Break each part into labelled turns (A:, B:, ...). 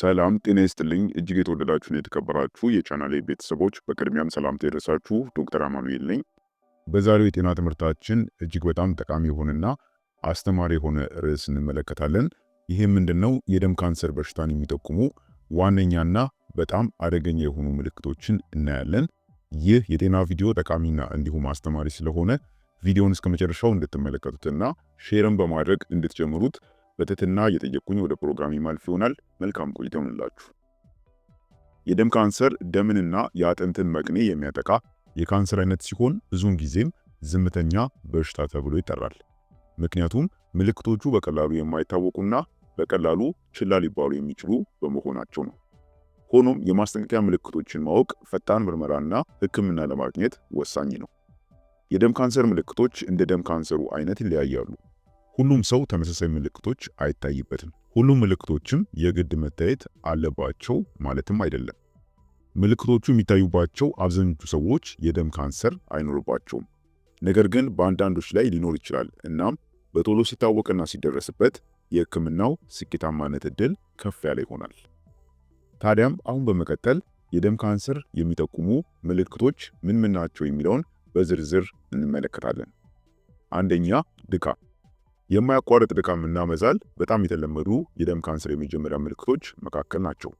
A: ሰላም ጤና ይስጥልኝ እጅግ የተወደዳችሁን የተከበራችሁ የቻናሌ ቤተሰቦች በቅድሚያም ሰላምታ ይድረሳችሁ። ዶክተር አማኑኤል ነኝ። በዛሬው የጤና ትምህርታችን እጅግ በጣም ጠቃሚ የሆነና አስተማሪ የሆነ ርዕስ እንመለከታለን። ይህም ምንድን ነው? የደም ካንሰር በሽታን የሚጠቁሙ ዋነኛና በጣም አደገኛ የሆኑ ምልክቶችን እናያለን። ይህ የጤና ቪዲዮ ጠቃሚና እንዲሁም አስተማሪ ስለሆነ ቪዲዮን እስከ መጨረሻው እንድትመለከቱትና ሼርም በማድረግ እንድትጀምሩት በትህትና እየጠየቁኝ ወደ ፕሮግራም ማልፍ ይሆናል። መልካም ቆይታ ይሁንላችሁ። የደም ካንሰር ደምንና የአጥንትን መቅኔ የሚያጠቃ የካንሰር አይነት ሲሆን ብዙውን ጊዜም ዝምተኛ በሽታ ተብሎ ይጠራል። ምክንያቱም ምልክቶቹ በቀላሉ የማይታወቁና በቀላሉ ችላ ሊባሉ የሚችሉ በመሆናቸው ነው። ሆኖም የማስጠንቀቂያ ምልክቶችን ማወቅ ፈጣን ምርመራና ሕክምና ለማግኘት ወሳኝ ነው። የደም ካንሰር ምልክቶች እንደ ደም ካንሰሩ አይነት ይለያያሉ። ሁሉም ሰው ተመሳሳይ ምልክቶች አይታይበትም። ሁሉም ምልክቶችም የግድ መታየት አለባቸው ማለትም አይደለም። ምልክቶቹ የሚታዩባቸው አብዛኞቹ ሰዎች የደም ካንሰር አይኖርባቸውም፣ ነገር ግን በአንዳንዶች ላይ ሊኖር ይችላል። እናም በቶሎ ሲታወቅና ሲደረስበት የህክምናው ስኬታማነት እድል ከፍ ያለ ይሆናል። ታዲያም አሁን በመቀጠል የደም ካንሰር የሚጠቁሙ ምልክቶች ምን ምን ናቸው የሚለውን በዝርዝር እንመለከታለን። አንደኛ ድካም የማያቋርጥ ድካምና መዛል በጣም የተለመዱ የደም ካንሰር የመጀመሪያ ምልክቶች መካከል ናቸው።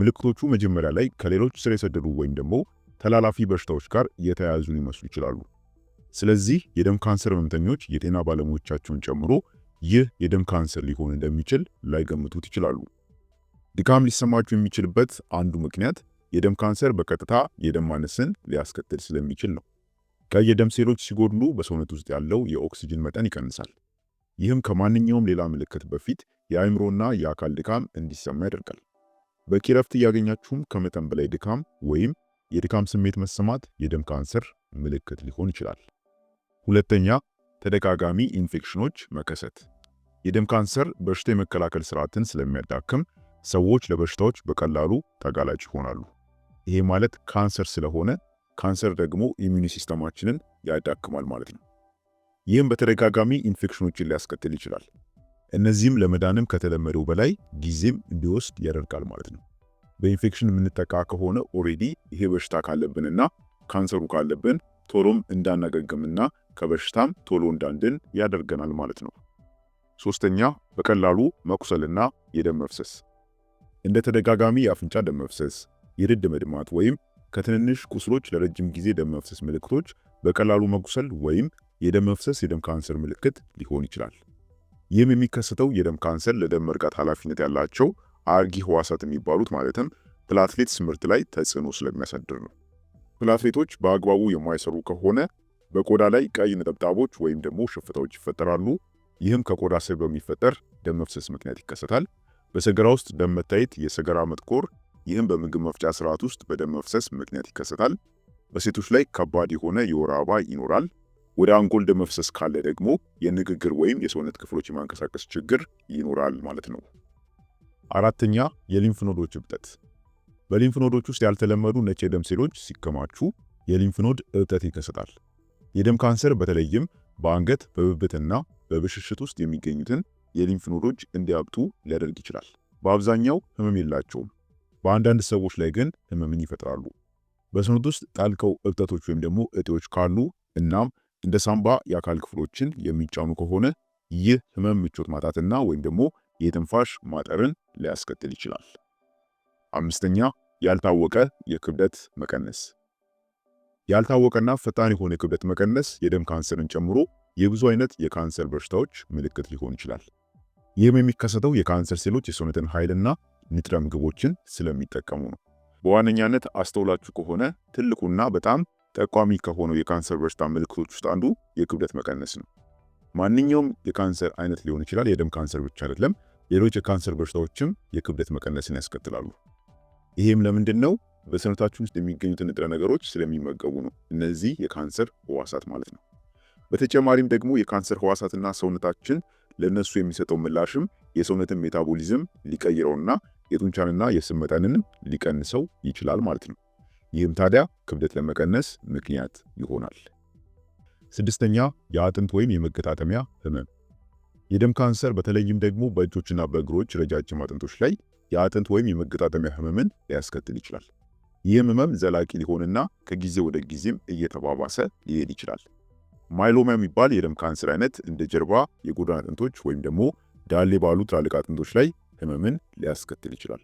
A: ምልክቶቹ መጀመሪያ ላይ ከሌሎች ስር የሰደዱ ወይም ደግሞ ተላላፊ በሽታዎች ጋር የተያያዙ ሊመስሉ ይችላሉ። ስለዚህ የደም ካንሰር ህመምተኞች የጤና ባለሙያዎቻቸውን ጨምሮ ይህ የደም ካንሰር ሊሆን እንደሚችል ላይገምቱት ይችላሉ። ድካም ሊሰማችሁ የሚችልበት አንዱ ምክንያት የደም ካንሰር በቀጥታ የደም ማነስን ሊያስከትል ስለሚችል ነው። ቀይ የደም ሴሎች ሲጎድሉ በሰውነት ውስጥ ያለው የኦክሲጅን መጠን ይቀንሳል። ይህም ከማንኛውም ሌላ ምልክት በፊት የአእምሮና የአካል ድካም እንዲሰማ ያደርጋል። በቂ ረፍት እያገኛችሁም ከመጠን በላይ ድካም ወይም የድካም ስሜት መሰማት የደም ካንሰር ምልክት ሊሆን ይችላል። ሁለተኛ፣ ተደጋጋሚ ኢንፌክሽኖች መከሰት። የደም ካንሰር በሽታ የመከላከል ስርዓትን ስለሚያዳክም ሰዎች ለበሽታዎች በቀላሉ ተጋላጭ ይሆናሉ። ይሄ ማለት ካንሰር ስለሆነ ካንሰር ደግሞ ኢሚኒ ሲስተማችንን ያዳክማል ማለት ነው። ይህም በተደጋጋሚ ኢንፌክሽኖችን ሊያስከትል ይችላል። እነዚህም ለመዳንም ከተለመደው በላይ ጊዜም እንዲወስድ ያደርጋል ማለት ነው። በኢንፌክሽን የምንጠቃ ከሆነ ኦሬዲ ይሄ በሽታ ካለብንና ካንሰሩ ካለብን ቶሎም እንዳናገግምና ከበሽታም ቶሎ እንዳንድን ያደርገናል ማለት ነው። ሶስተኛ በቀላሉ መቁሰልና የደም መፍሰስ እንደ ተደጋጋሚ የአፍንጫ ደም መፍሰስ፣ የድድ መድማት ወይም ከትንንሽ ቁስሎች ለረጅም ጊዜ ደም መፍሰስ ምልክቶች በቀላሉ መቁሰል ወይም የደም መፍሰስ የደም ካንሰር ምልክት ሊሆን ይችላል። ይህም የሚከሰተው የደም ካንሰር ለደም መርጋት ኃላፊነት ያላቸው አርጊ ህዋሳት የሚባሉት ማለትም ፕላትሌትስ ምርት ላይ ተጽዕኖ ስለሚያሳድር ነው። ፕላትሌቶች በአግባቡ የማይሰሩ ከሆነ በቆዳ ላይ ቀይ ነጠብጣቦች ወይም ደግሞ ሽፍታዎች ይፈጠራሉ። ይህም ከቆዳ ስር በሚፈጠር ደም መፍሰስ ምክንያት ይከሰታል። በሰገራ ውስጥ ደም መታየት፣ የሰገራ መጥቆር፣ ይህም በምግብ መፍጫ ስርዓት ውስጥ በደም መፍሰስ ምክንያት ይከሰታል። በሴቶች ላይ ከባድ የሆነ የወር አበባ ይኖራል። ወደ አንጎል ደም መፍሰስ ካለ ደግሞ የንግግር ወይም የሰውነት ክፍሎች የማንቀሳቀስ ችግር ይኖራል ማለት ነው። አራተኛ የሊምፍ ኖዶች እብጠት። በሊምፍ ኖዶች ውስጥ ያልተለመዱ ነጭ የደም ሴሎች ሲከማቹ የሊምፍ ኖድ እብጠት ይከሰታል። የደም ካንሰር በተለይም በአንገት በብብትና በብሽሽት ውስጥ የሚገኙትን የሊምፍ ኖዶች እንዲያብጡ ሊያደርግ ይችላል። በአብዛኛው ህመም የላቸውም። በአንዳንድ ሰዎች ላይ ግን ህመምን ይፈጥራሉ። በሰውነት ውስጥ ጣልቀው እብጠቶች ወይም ደግሞ እጢዎች ካሉ እናም እንደ ሳምባ የአካል ክፍሎችን የሚጫኑ ከሆነ ይህ ህመም ምቾት ማጣትና ወይም ደግሞ የትንፋሽ ማጠርን ሊያስከትል ይችላል። አምስተኛ ያልታወቀ የክብደት መቀነስ። ያልታወቀና ፈጣን የሆነ የክብደት መቀነስ የደም ካንሰርን ጨምሮ የብዙ አይነት የካንሰር በሽታዎች ምልክት ሊሆን ይችላል። ይህም የሚከሰተው የካንሰር ሴሎች የሰውነትን ኃይልና ንጥረ ምግቦችን ስለሚጠቀሙ ነው። በዋነኛነት አስተውላችሁ ከሆነ ትልቁና በጣም ጠቋሚ ከሆነው የካንሰር በሽታ ምልክቶች ውስጥ አንዱ የክብደት መቀነስ ነው። ማንኛውም የካንሰር አይነት ሊሆን ይችላል። የደም ካንሰር ብቻ አይደለም። ሌሎች የካንሰር በሽታዎችም የክብደት መቀነስን ያስከትላሉ። ይህም ለምንድን ነው? በሰውነታችን ውስጥ የሚገኙትን ንጥረ ነገሮች ስለሚመገቡ ነው፣ እነዚህ የካንሰር ህዋሳት ማለት ነው። በተጨማሪም ደግሞ የካንሰር ህዋሳትና ሰውነታችን ለእነሱ የሚሰጠው ምላሽም የሰውነትን ሜታቦሊዝም ሊቀይረውና የጡንቻንና የስብ መጠንንም ሊቀንሰው ይችላል ማለት ነው። ይህም ታዲያ ክብደት ለመቀነስ ምክንያት ይሆናል። ስድስተኛ የአጥንት ወይም የመገጣጠሚያ ህመም። የደም ካንሰር በተለይም ደግሞ በእጆችና በእግሮች ረጃጅም አጥንቶች ላይ የአጥንት ወይም የመገጣጠሚያ ህመምን ሊያስከትል ይችላል። ይህም ህመም ዘላቂ ሊሆንና ከጊዜ ወደ ጊዜም እየተባባሰ ሊሄድ ይችላል። ማይሎማ የሚባል የደም ካንሰር አይነት እንደ ጀርባ፣ የጎዳን አጥንቶች ወይም ደግሞ ዳሌ ባሉ ትላልቅ አጥንቶች ላይ ህመምን ሊያስከትል ይችላል።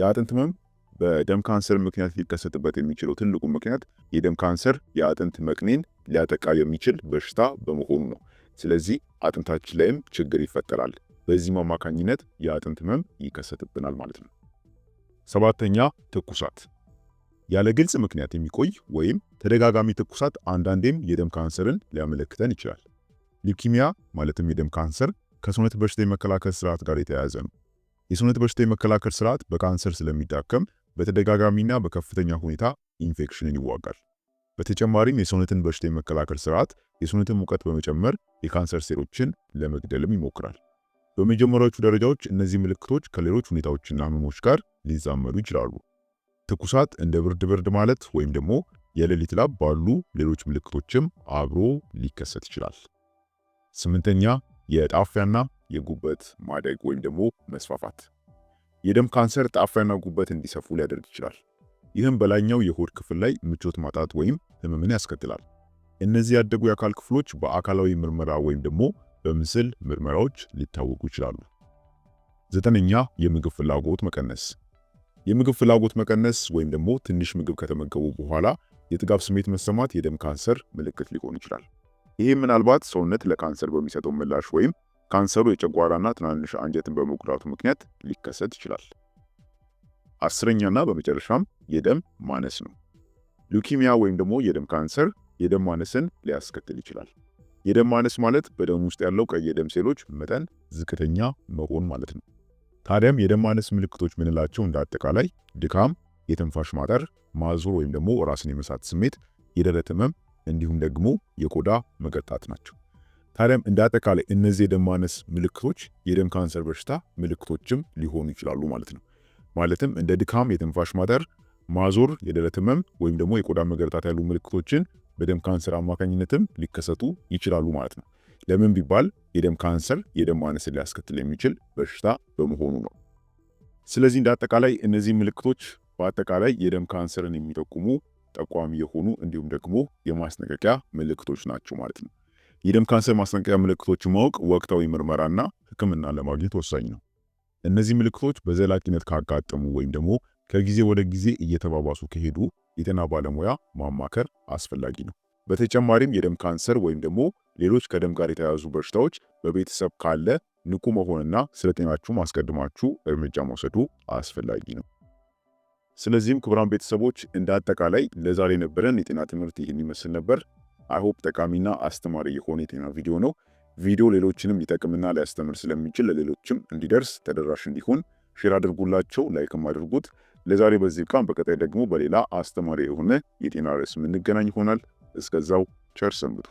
A: የአጥንት ህመም በደም ካንሰር ምክንያት ሊከሰትበት የሚችለው ትልቁ ምክንያት የደም ካንሰር የአጥንት መቅኔን ሊያጠቃ የሚችል በሽታ በመሆኑ ነው። ስለዚህ አጥንታችን ላይም ችግር ይፈጠራል። በዚህም አማካኝነት የአጥንት ህመም ይከሰትብናል ማለት ነው። ሰባተኛ ትኩሳት። ያለ ግልጽ ምክንያት የሚቆይ ወይም ተደጋጋሚ ትኩሳት አንዳንዴም የደም ካንሰርን ሊያመለክተን ይችላል። ሊኪሚያ ማለትም የደም ካንሰር ከሰውነት በሽታ የመከላከል ስርዓት ጋር የተያያዘ ነው። የሰውነት በሽታ የመከላከል ስርዓት በካንሰር ስለሚዳከም በተደጋጋሚና በከፍተኛ ሁኔታ ኢንፌክሽንን ይዋጋል። በተጨማሪም የሰውነትን በሽታ የመከላከል ስርዓት የሰውነትን ሙቀት በመጨመር የካንሰር ሴሎችን ለመግደልም ይሞክራል። በመጀመሪያዎቹ ደረጃዎች እነዚህ ምልክቶች ከሌሎች ሁኔታዎችና ህመሞች ጋር ሊዛመዱ ይችላሉ። ትኩሳት፣ እንደ ብርድ ብርድ ማለት ወይም ደግሞ የሌሊት ላብ ባሉ ሌሎች ምልክቶችም አብሮ ሊከሰት ይችላል። ስምንተኛ የጣፊያና የጉበት ማደግ ወይም ደግሞ መስፋፋት የደም ካንሰር ጣፊያና ጉበት እንዲሰፉ ሊያደርግ ይችላል። ይህም በላይኛው የሆድ ክፍል ላይ ምቾት ማጣት ወይም ህመምን ያስከትላል። እነዚህ ያደጉ የአካል ክፍሎች በአካላዊ ምርመራ ወይም ደግሞ በምስል ምርመራዎች ሊታወቁ ይችላሉ። ዘጠነኛ የምግብ ፍላጎት መቀነስ። የምግብ ፍላጎት መቀነስ ወይም ደግሞ ትንሽ ምግብ ከተመገቡ በኋላ የጥጋብ ስሜት መሰማት የደም ካንሰር ምልክት ሊሆን ይችላል። ይህ ምናልባት ሰውነት ለካንሰር በሚሰጠው ምላሽ ወይም ካንሰሩ የጨጓራና ትናንሽ አንጀትን በመጉዳቱ ምክንያት ሊከሰት ይችላል። አስረኛና በመጨረሻም የደም ማነስ ነው። ሉኪሚያ ወይም ደግሞ የደም ካንሰር የደም ማነስን ሊያስከትል ይችላል። የደም ማነስ ማለት በደም ውስጥ ያለው ቀይ የደም ሴሎች መጠን ዝቅተኛ መሆን ማለት ነው። ታዲያም የደም ማነስ ምልክቶች ምንላቸው? እንደ አጠቃላይ ድካም፣ የትንፋሽ ማጠር፣ ማዞር ወይም ደግሞ ራስን የመሳት ስሜት፣ የደረት ህመም እንዲሁም ደግሞ የቆዳ መገጣት ናቸው። ታዲያም እንደ አጠቃላይ እነዚህ የደም ማነስ ምልክቶች የደም ካንሰር በሽታ ምልክቶችም ሊሆኑ ይችላሉ ማለት ነው። ማለትም እንደ ድካም፣ የትንፋሽ ማጠር፣ ማዞር፣ የደረት ህመም ወይም ደግሞ የቆዳ መገርጣት ያሉ ምልክቶችን በደም ካንሰር አማካኝነትም ሊከሰቱ ይችላሉ ማለት ነው። ለምን ቢባል የደም ካንሰር የደም ማነስን ሊያስከትል የሚችል በሽታ በመሆኑ ነው። ስለዚህ እንደ አጠቃላይ እነዚህ ምልክቶች በአጠቃላይ የደም ካንሰርን የሚጠቁሙ ጠቋሚ የሆኑ እንዲሁም ደግሞ የማስጠንቀቂያ ምልክቶች ናቸው ማለት ነው። የደም ካንሰር ማስጠንቀቂያ ምልክቶች ማወቅ ወቅታዊ ምርመራና ሕክምና ለማግኘት ወሳኝ ነው። እነዚህ ምልክቶች በዘላቂነት ካጋጠሙ ወይም ደግሞ ከጊዜ ወደ ጊዜ እየተባባሱ ከሄዱ የጤና ባለሙያ ማማከር አስፈላጊ ነው። በተጨማሪም የደም ካንሰር ወይም ደግሞ ሌሎች ከደም ጋር የተያያዙ በሽታዎች በቤተሰብ ካለ ንቁ መሆንና ስለ ጤናችሁ ማስቀድማችሁ እርምጃ መውሰዱ አስፈላጊ ነው። ስለዚህም ክቡራን ቤተሰቦች እንደ አጠቃላይ ለዛሬ የነበረን የጤና ትምህርት ይህን ይመስል ነበር። አይሆፕ ጠቃሚና አስተማሪ የሆነ የጤና ቪዲዮ ነው። ቪዲዮ ሌሎችንም ሊጠቅምና ሊያስተምር ስለሚችል ለሌሎችም እንዲደርስ ተደራሽ እንዲሆን ሼር አድርጉላቸው፣ ላይክም አድርጉት። ለዛሬ በዚህ ቃም፣ በቀጣይ ደግሞ በሌላ አስተማሪ የሆነ የጤና ርዕስ የምንገናኝ ይሆናል። እስከዛው ቸር ሰንብቱ።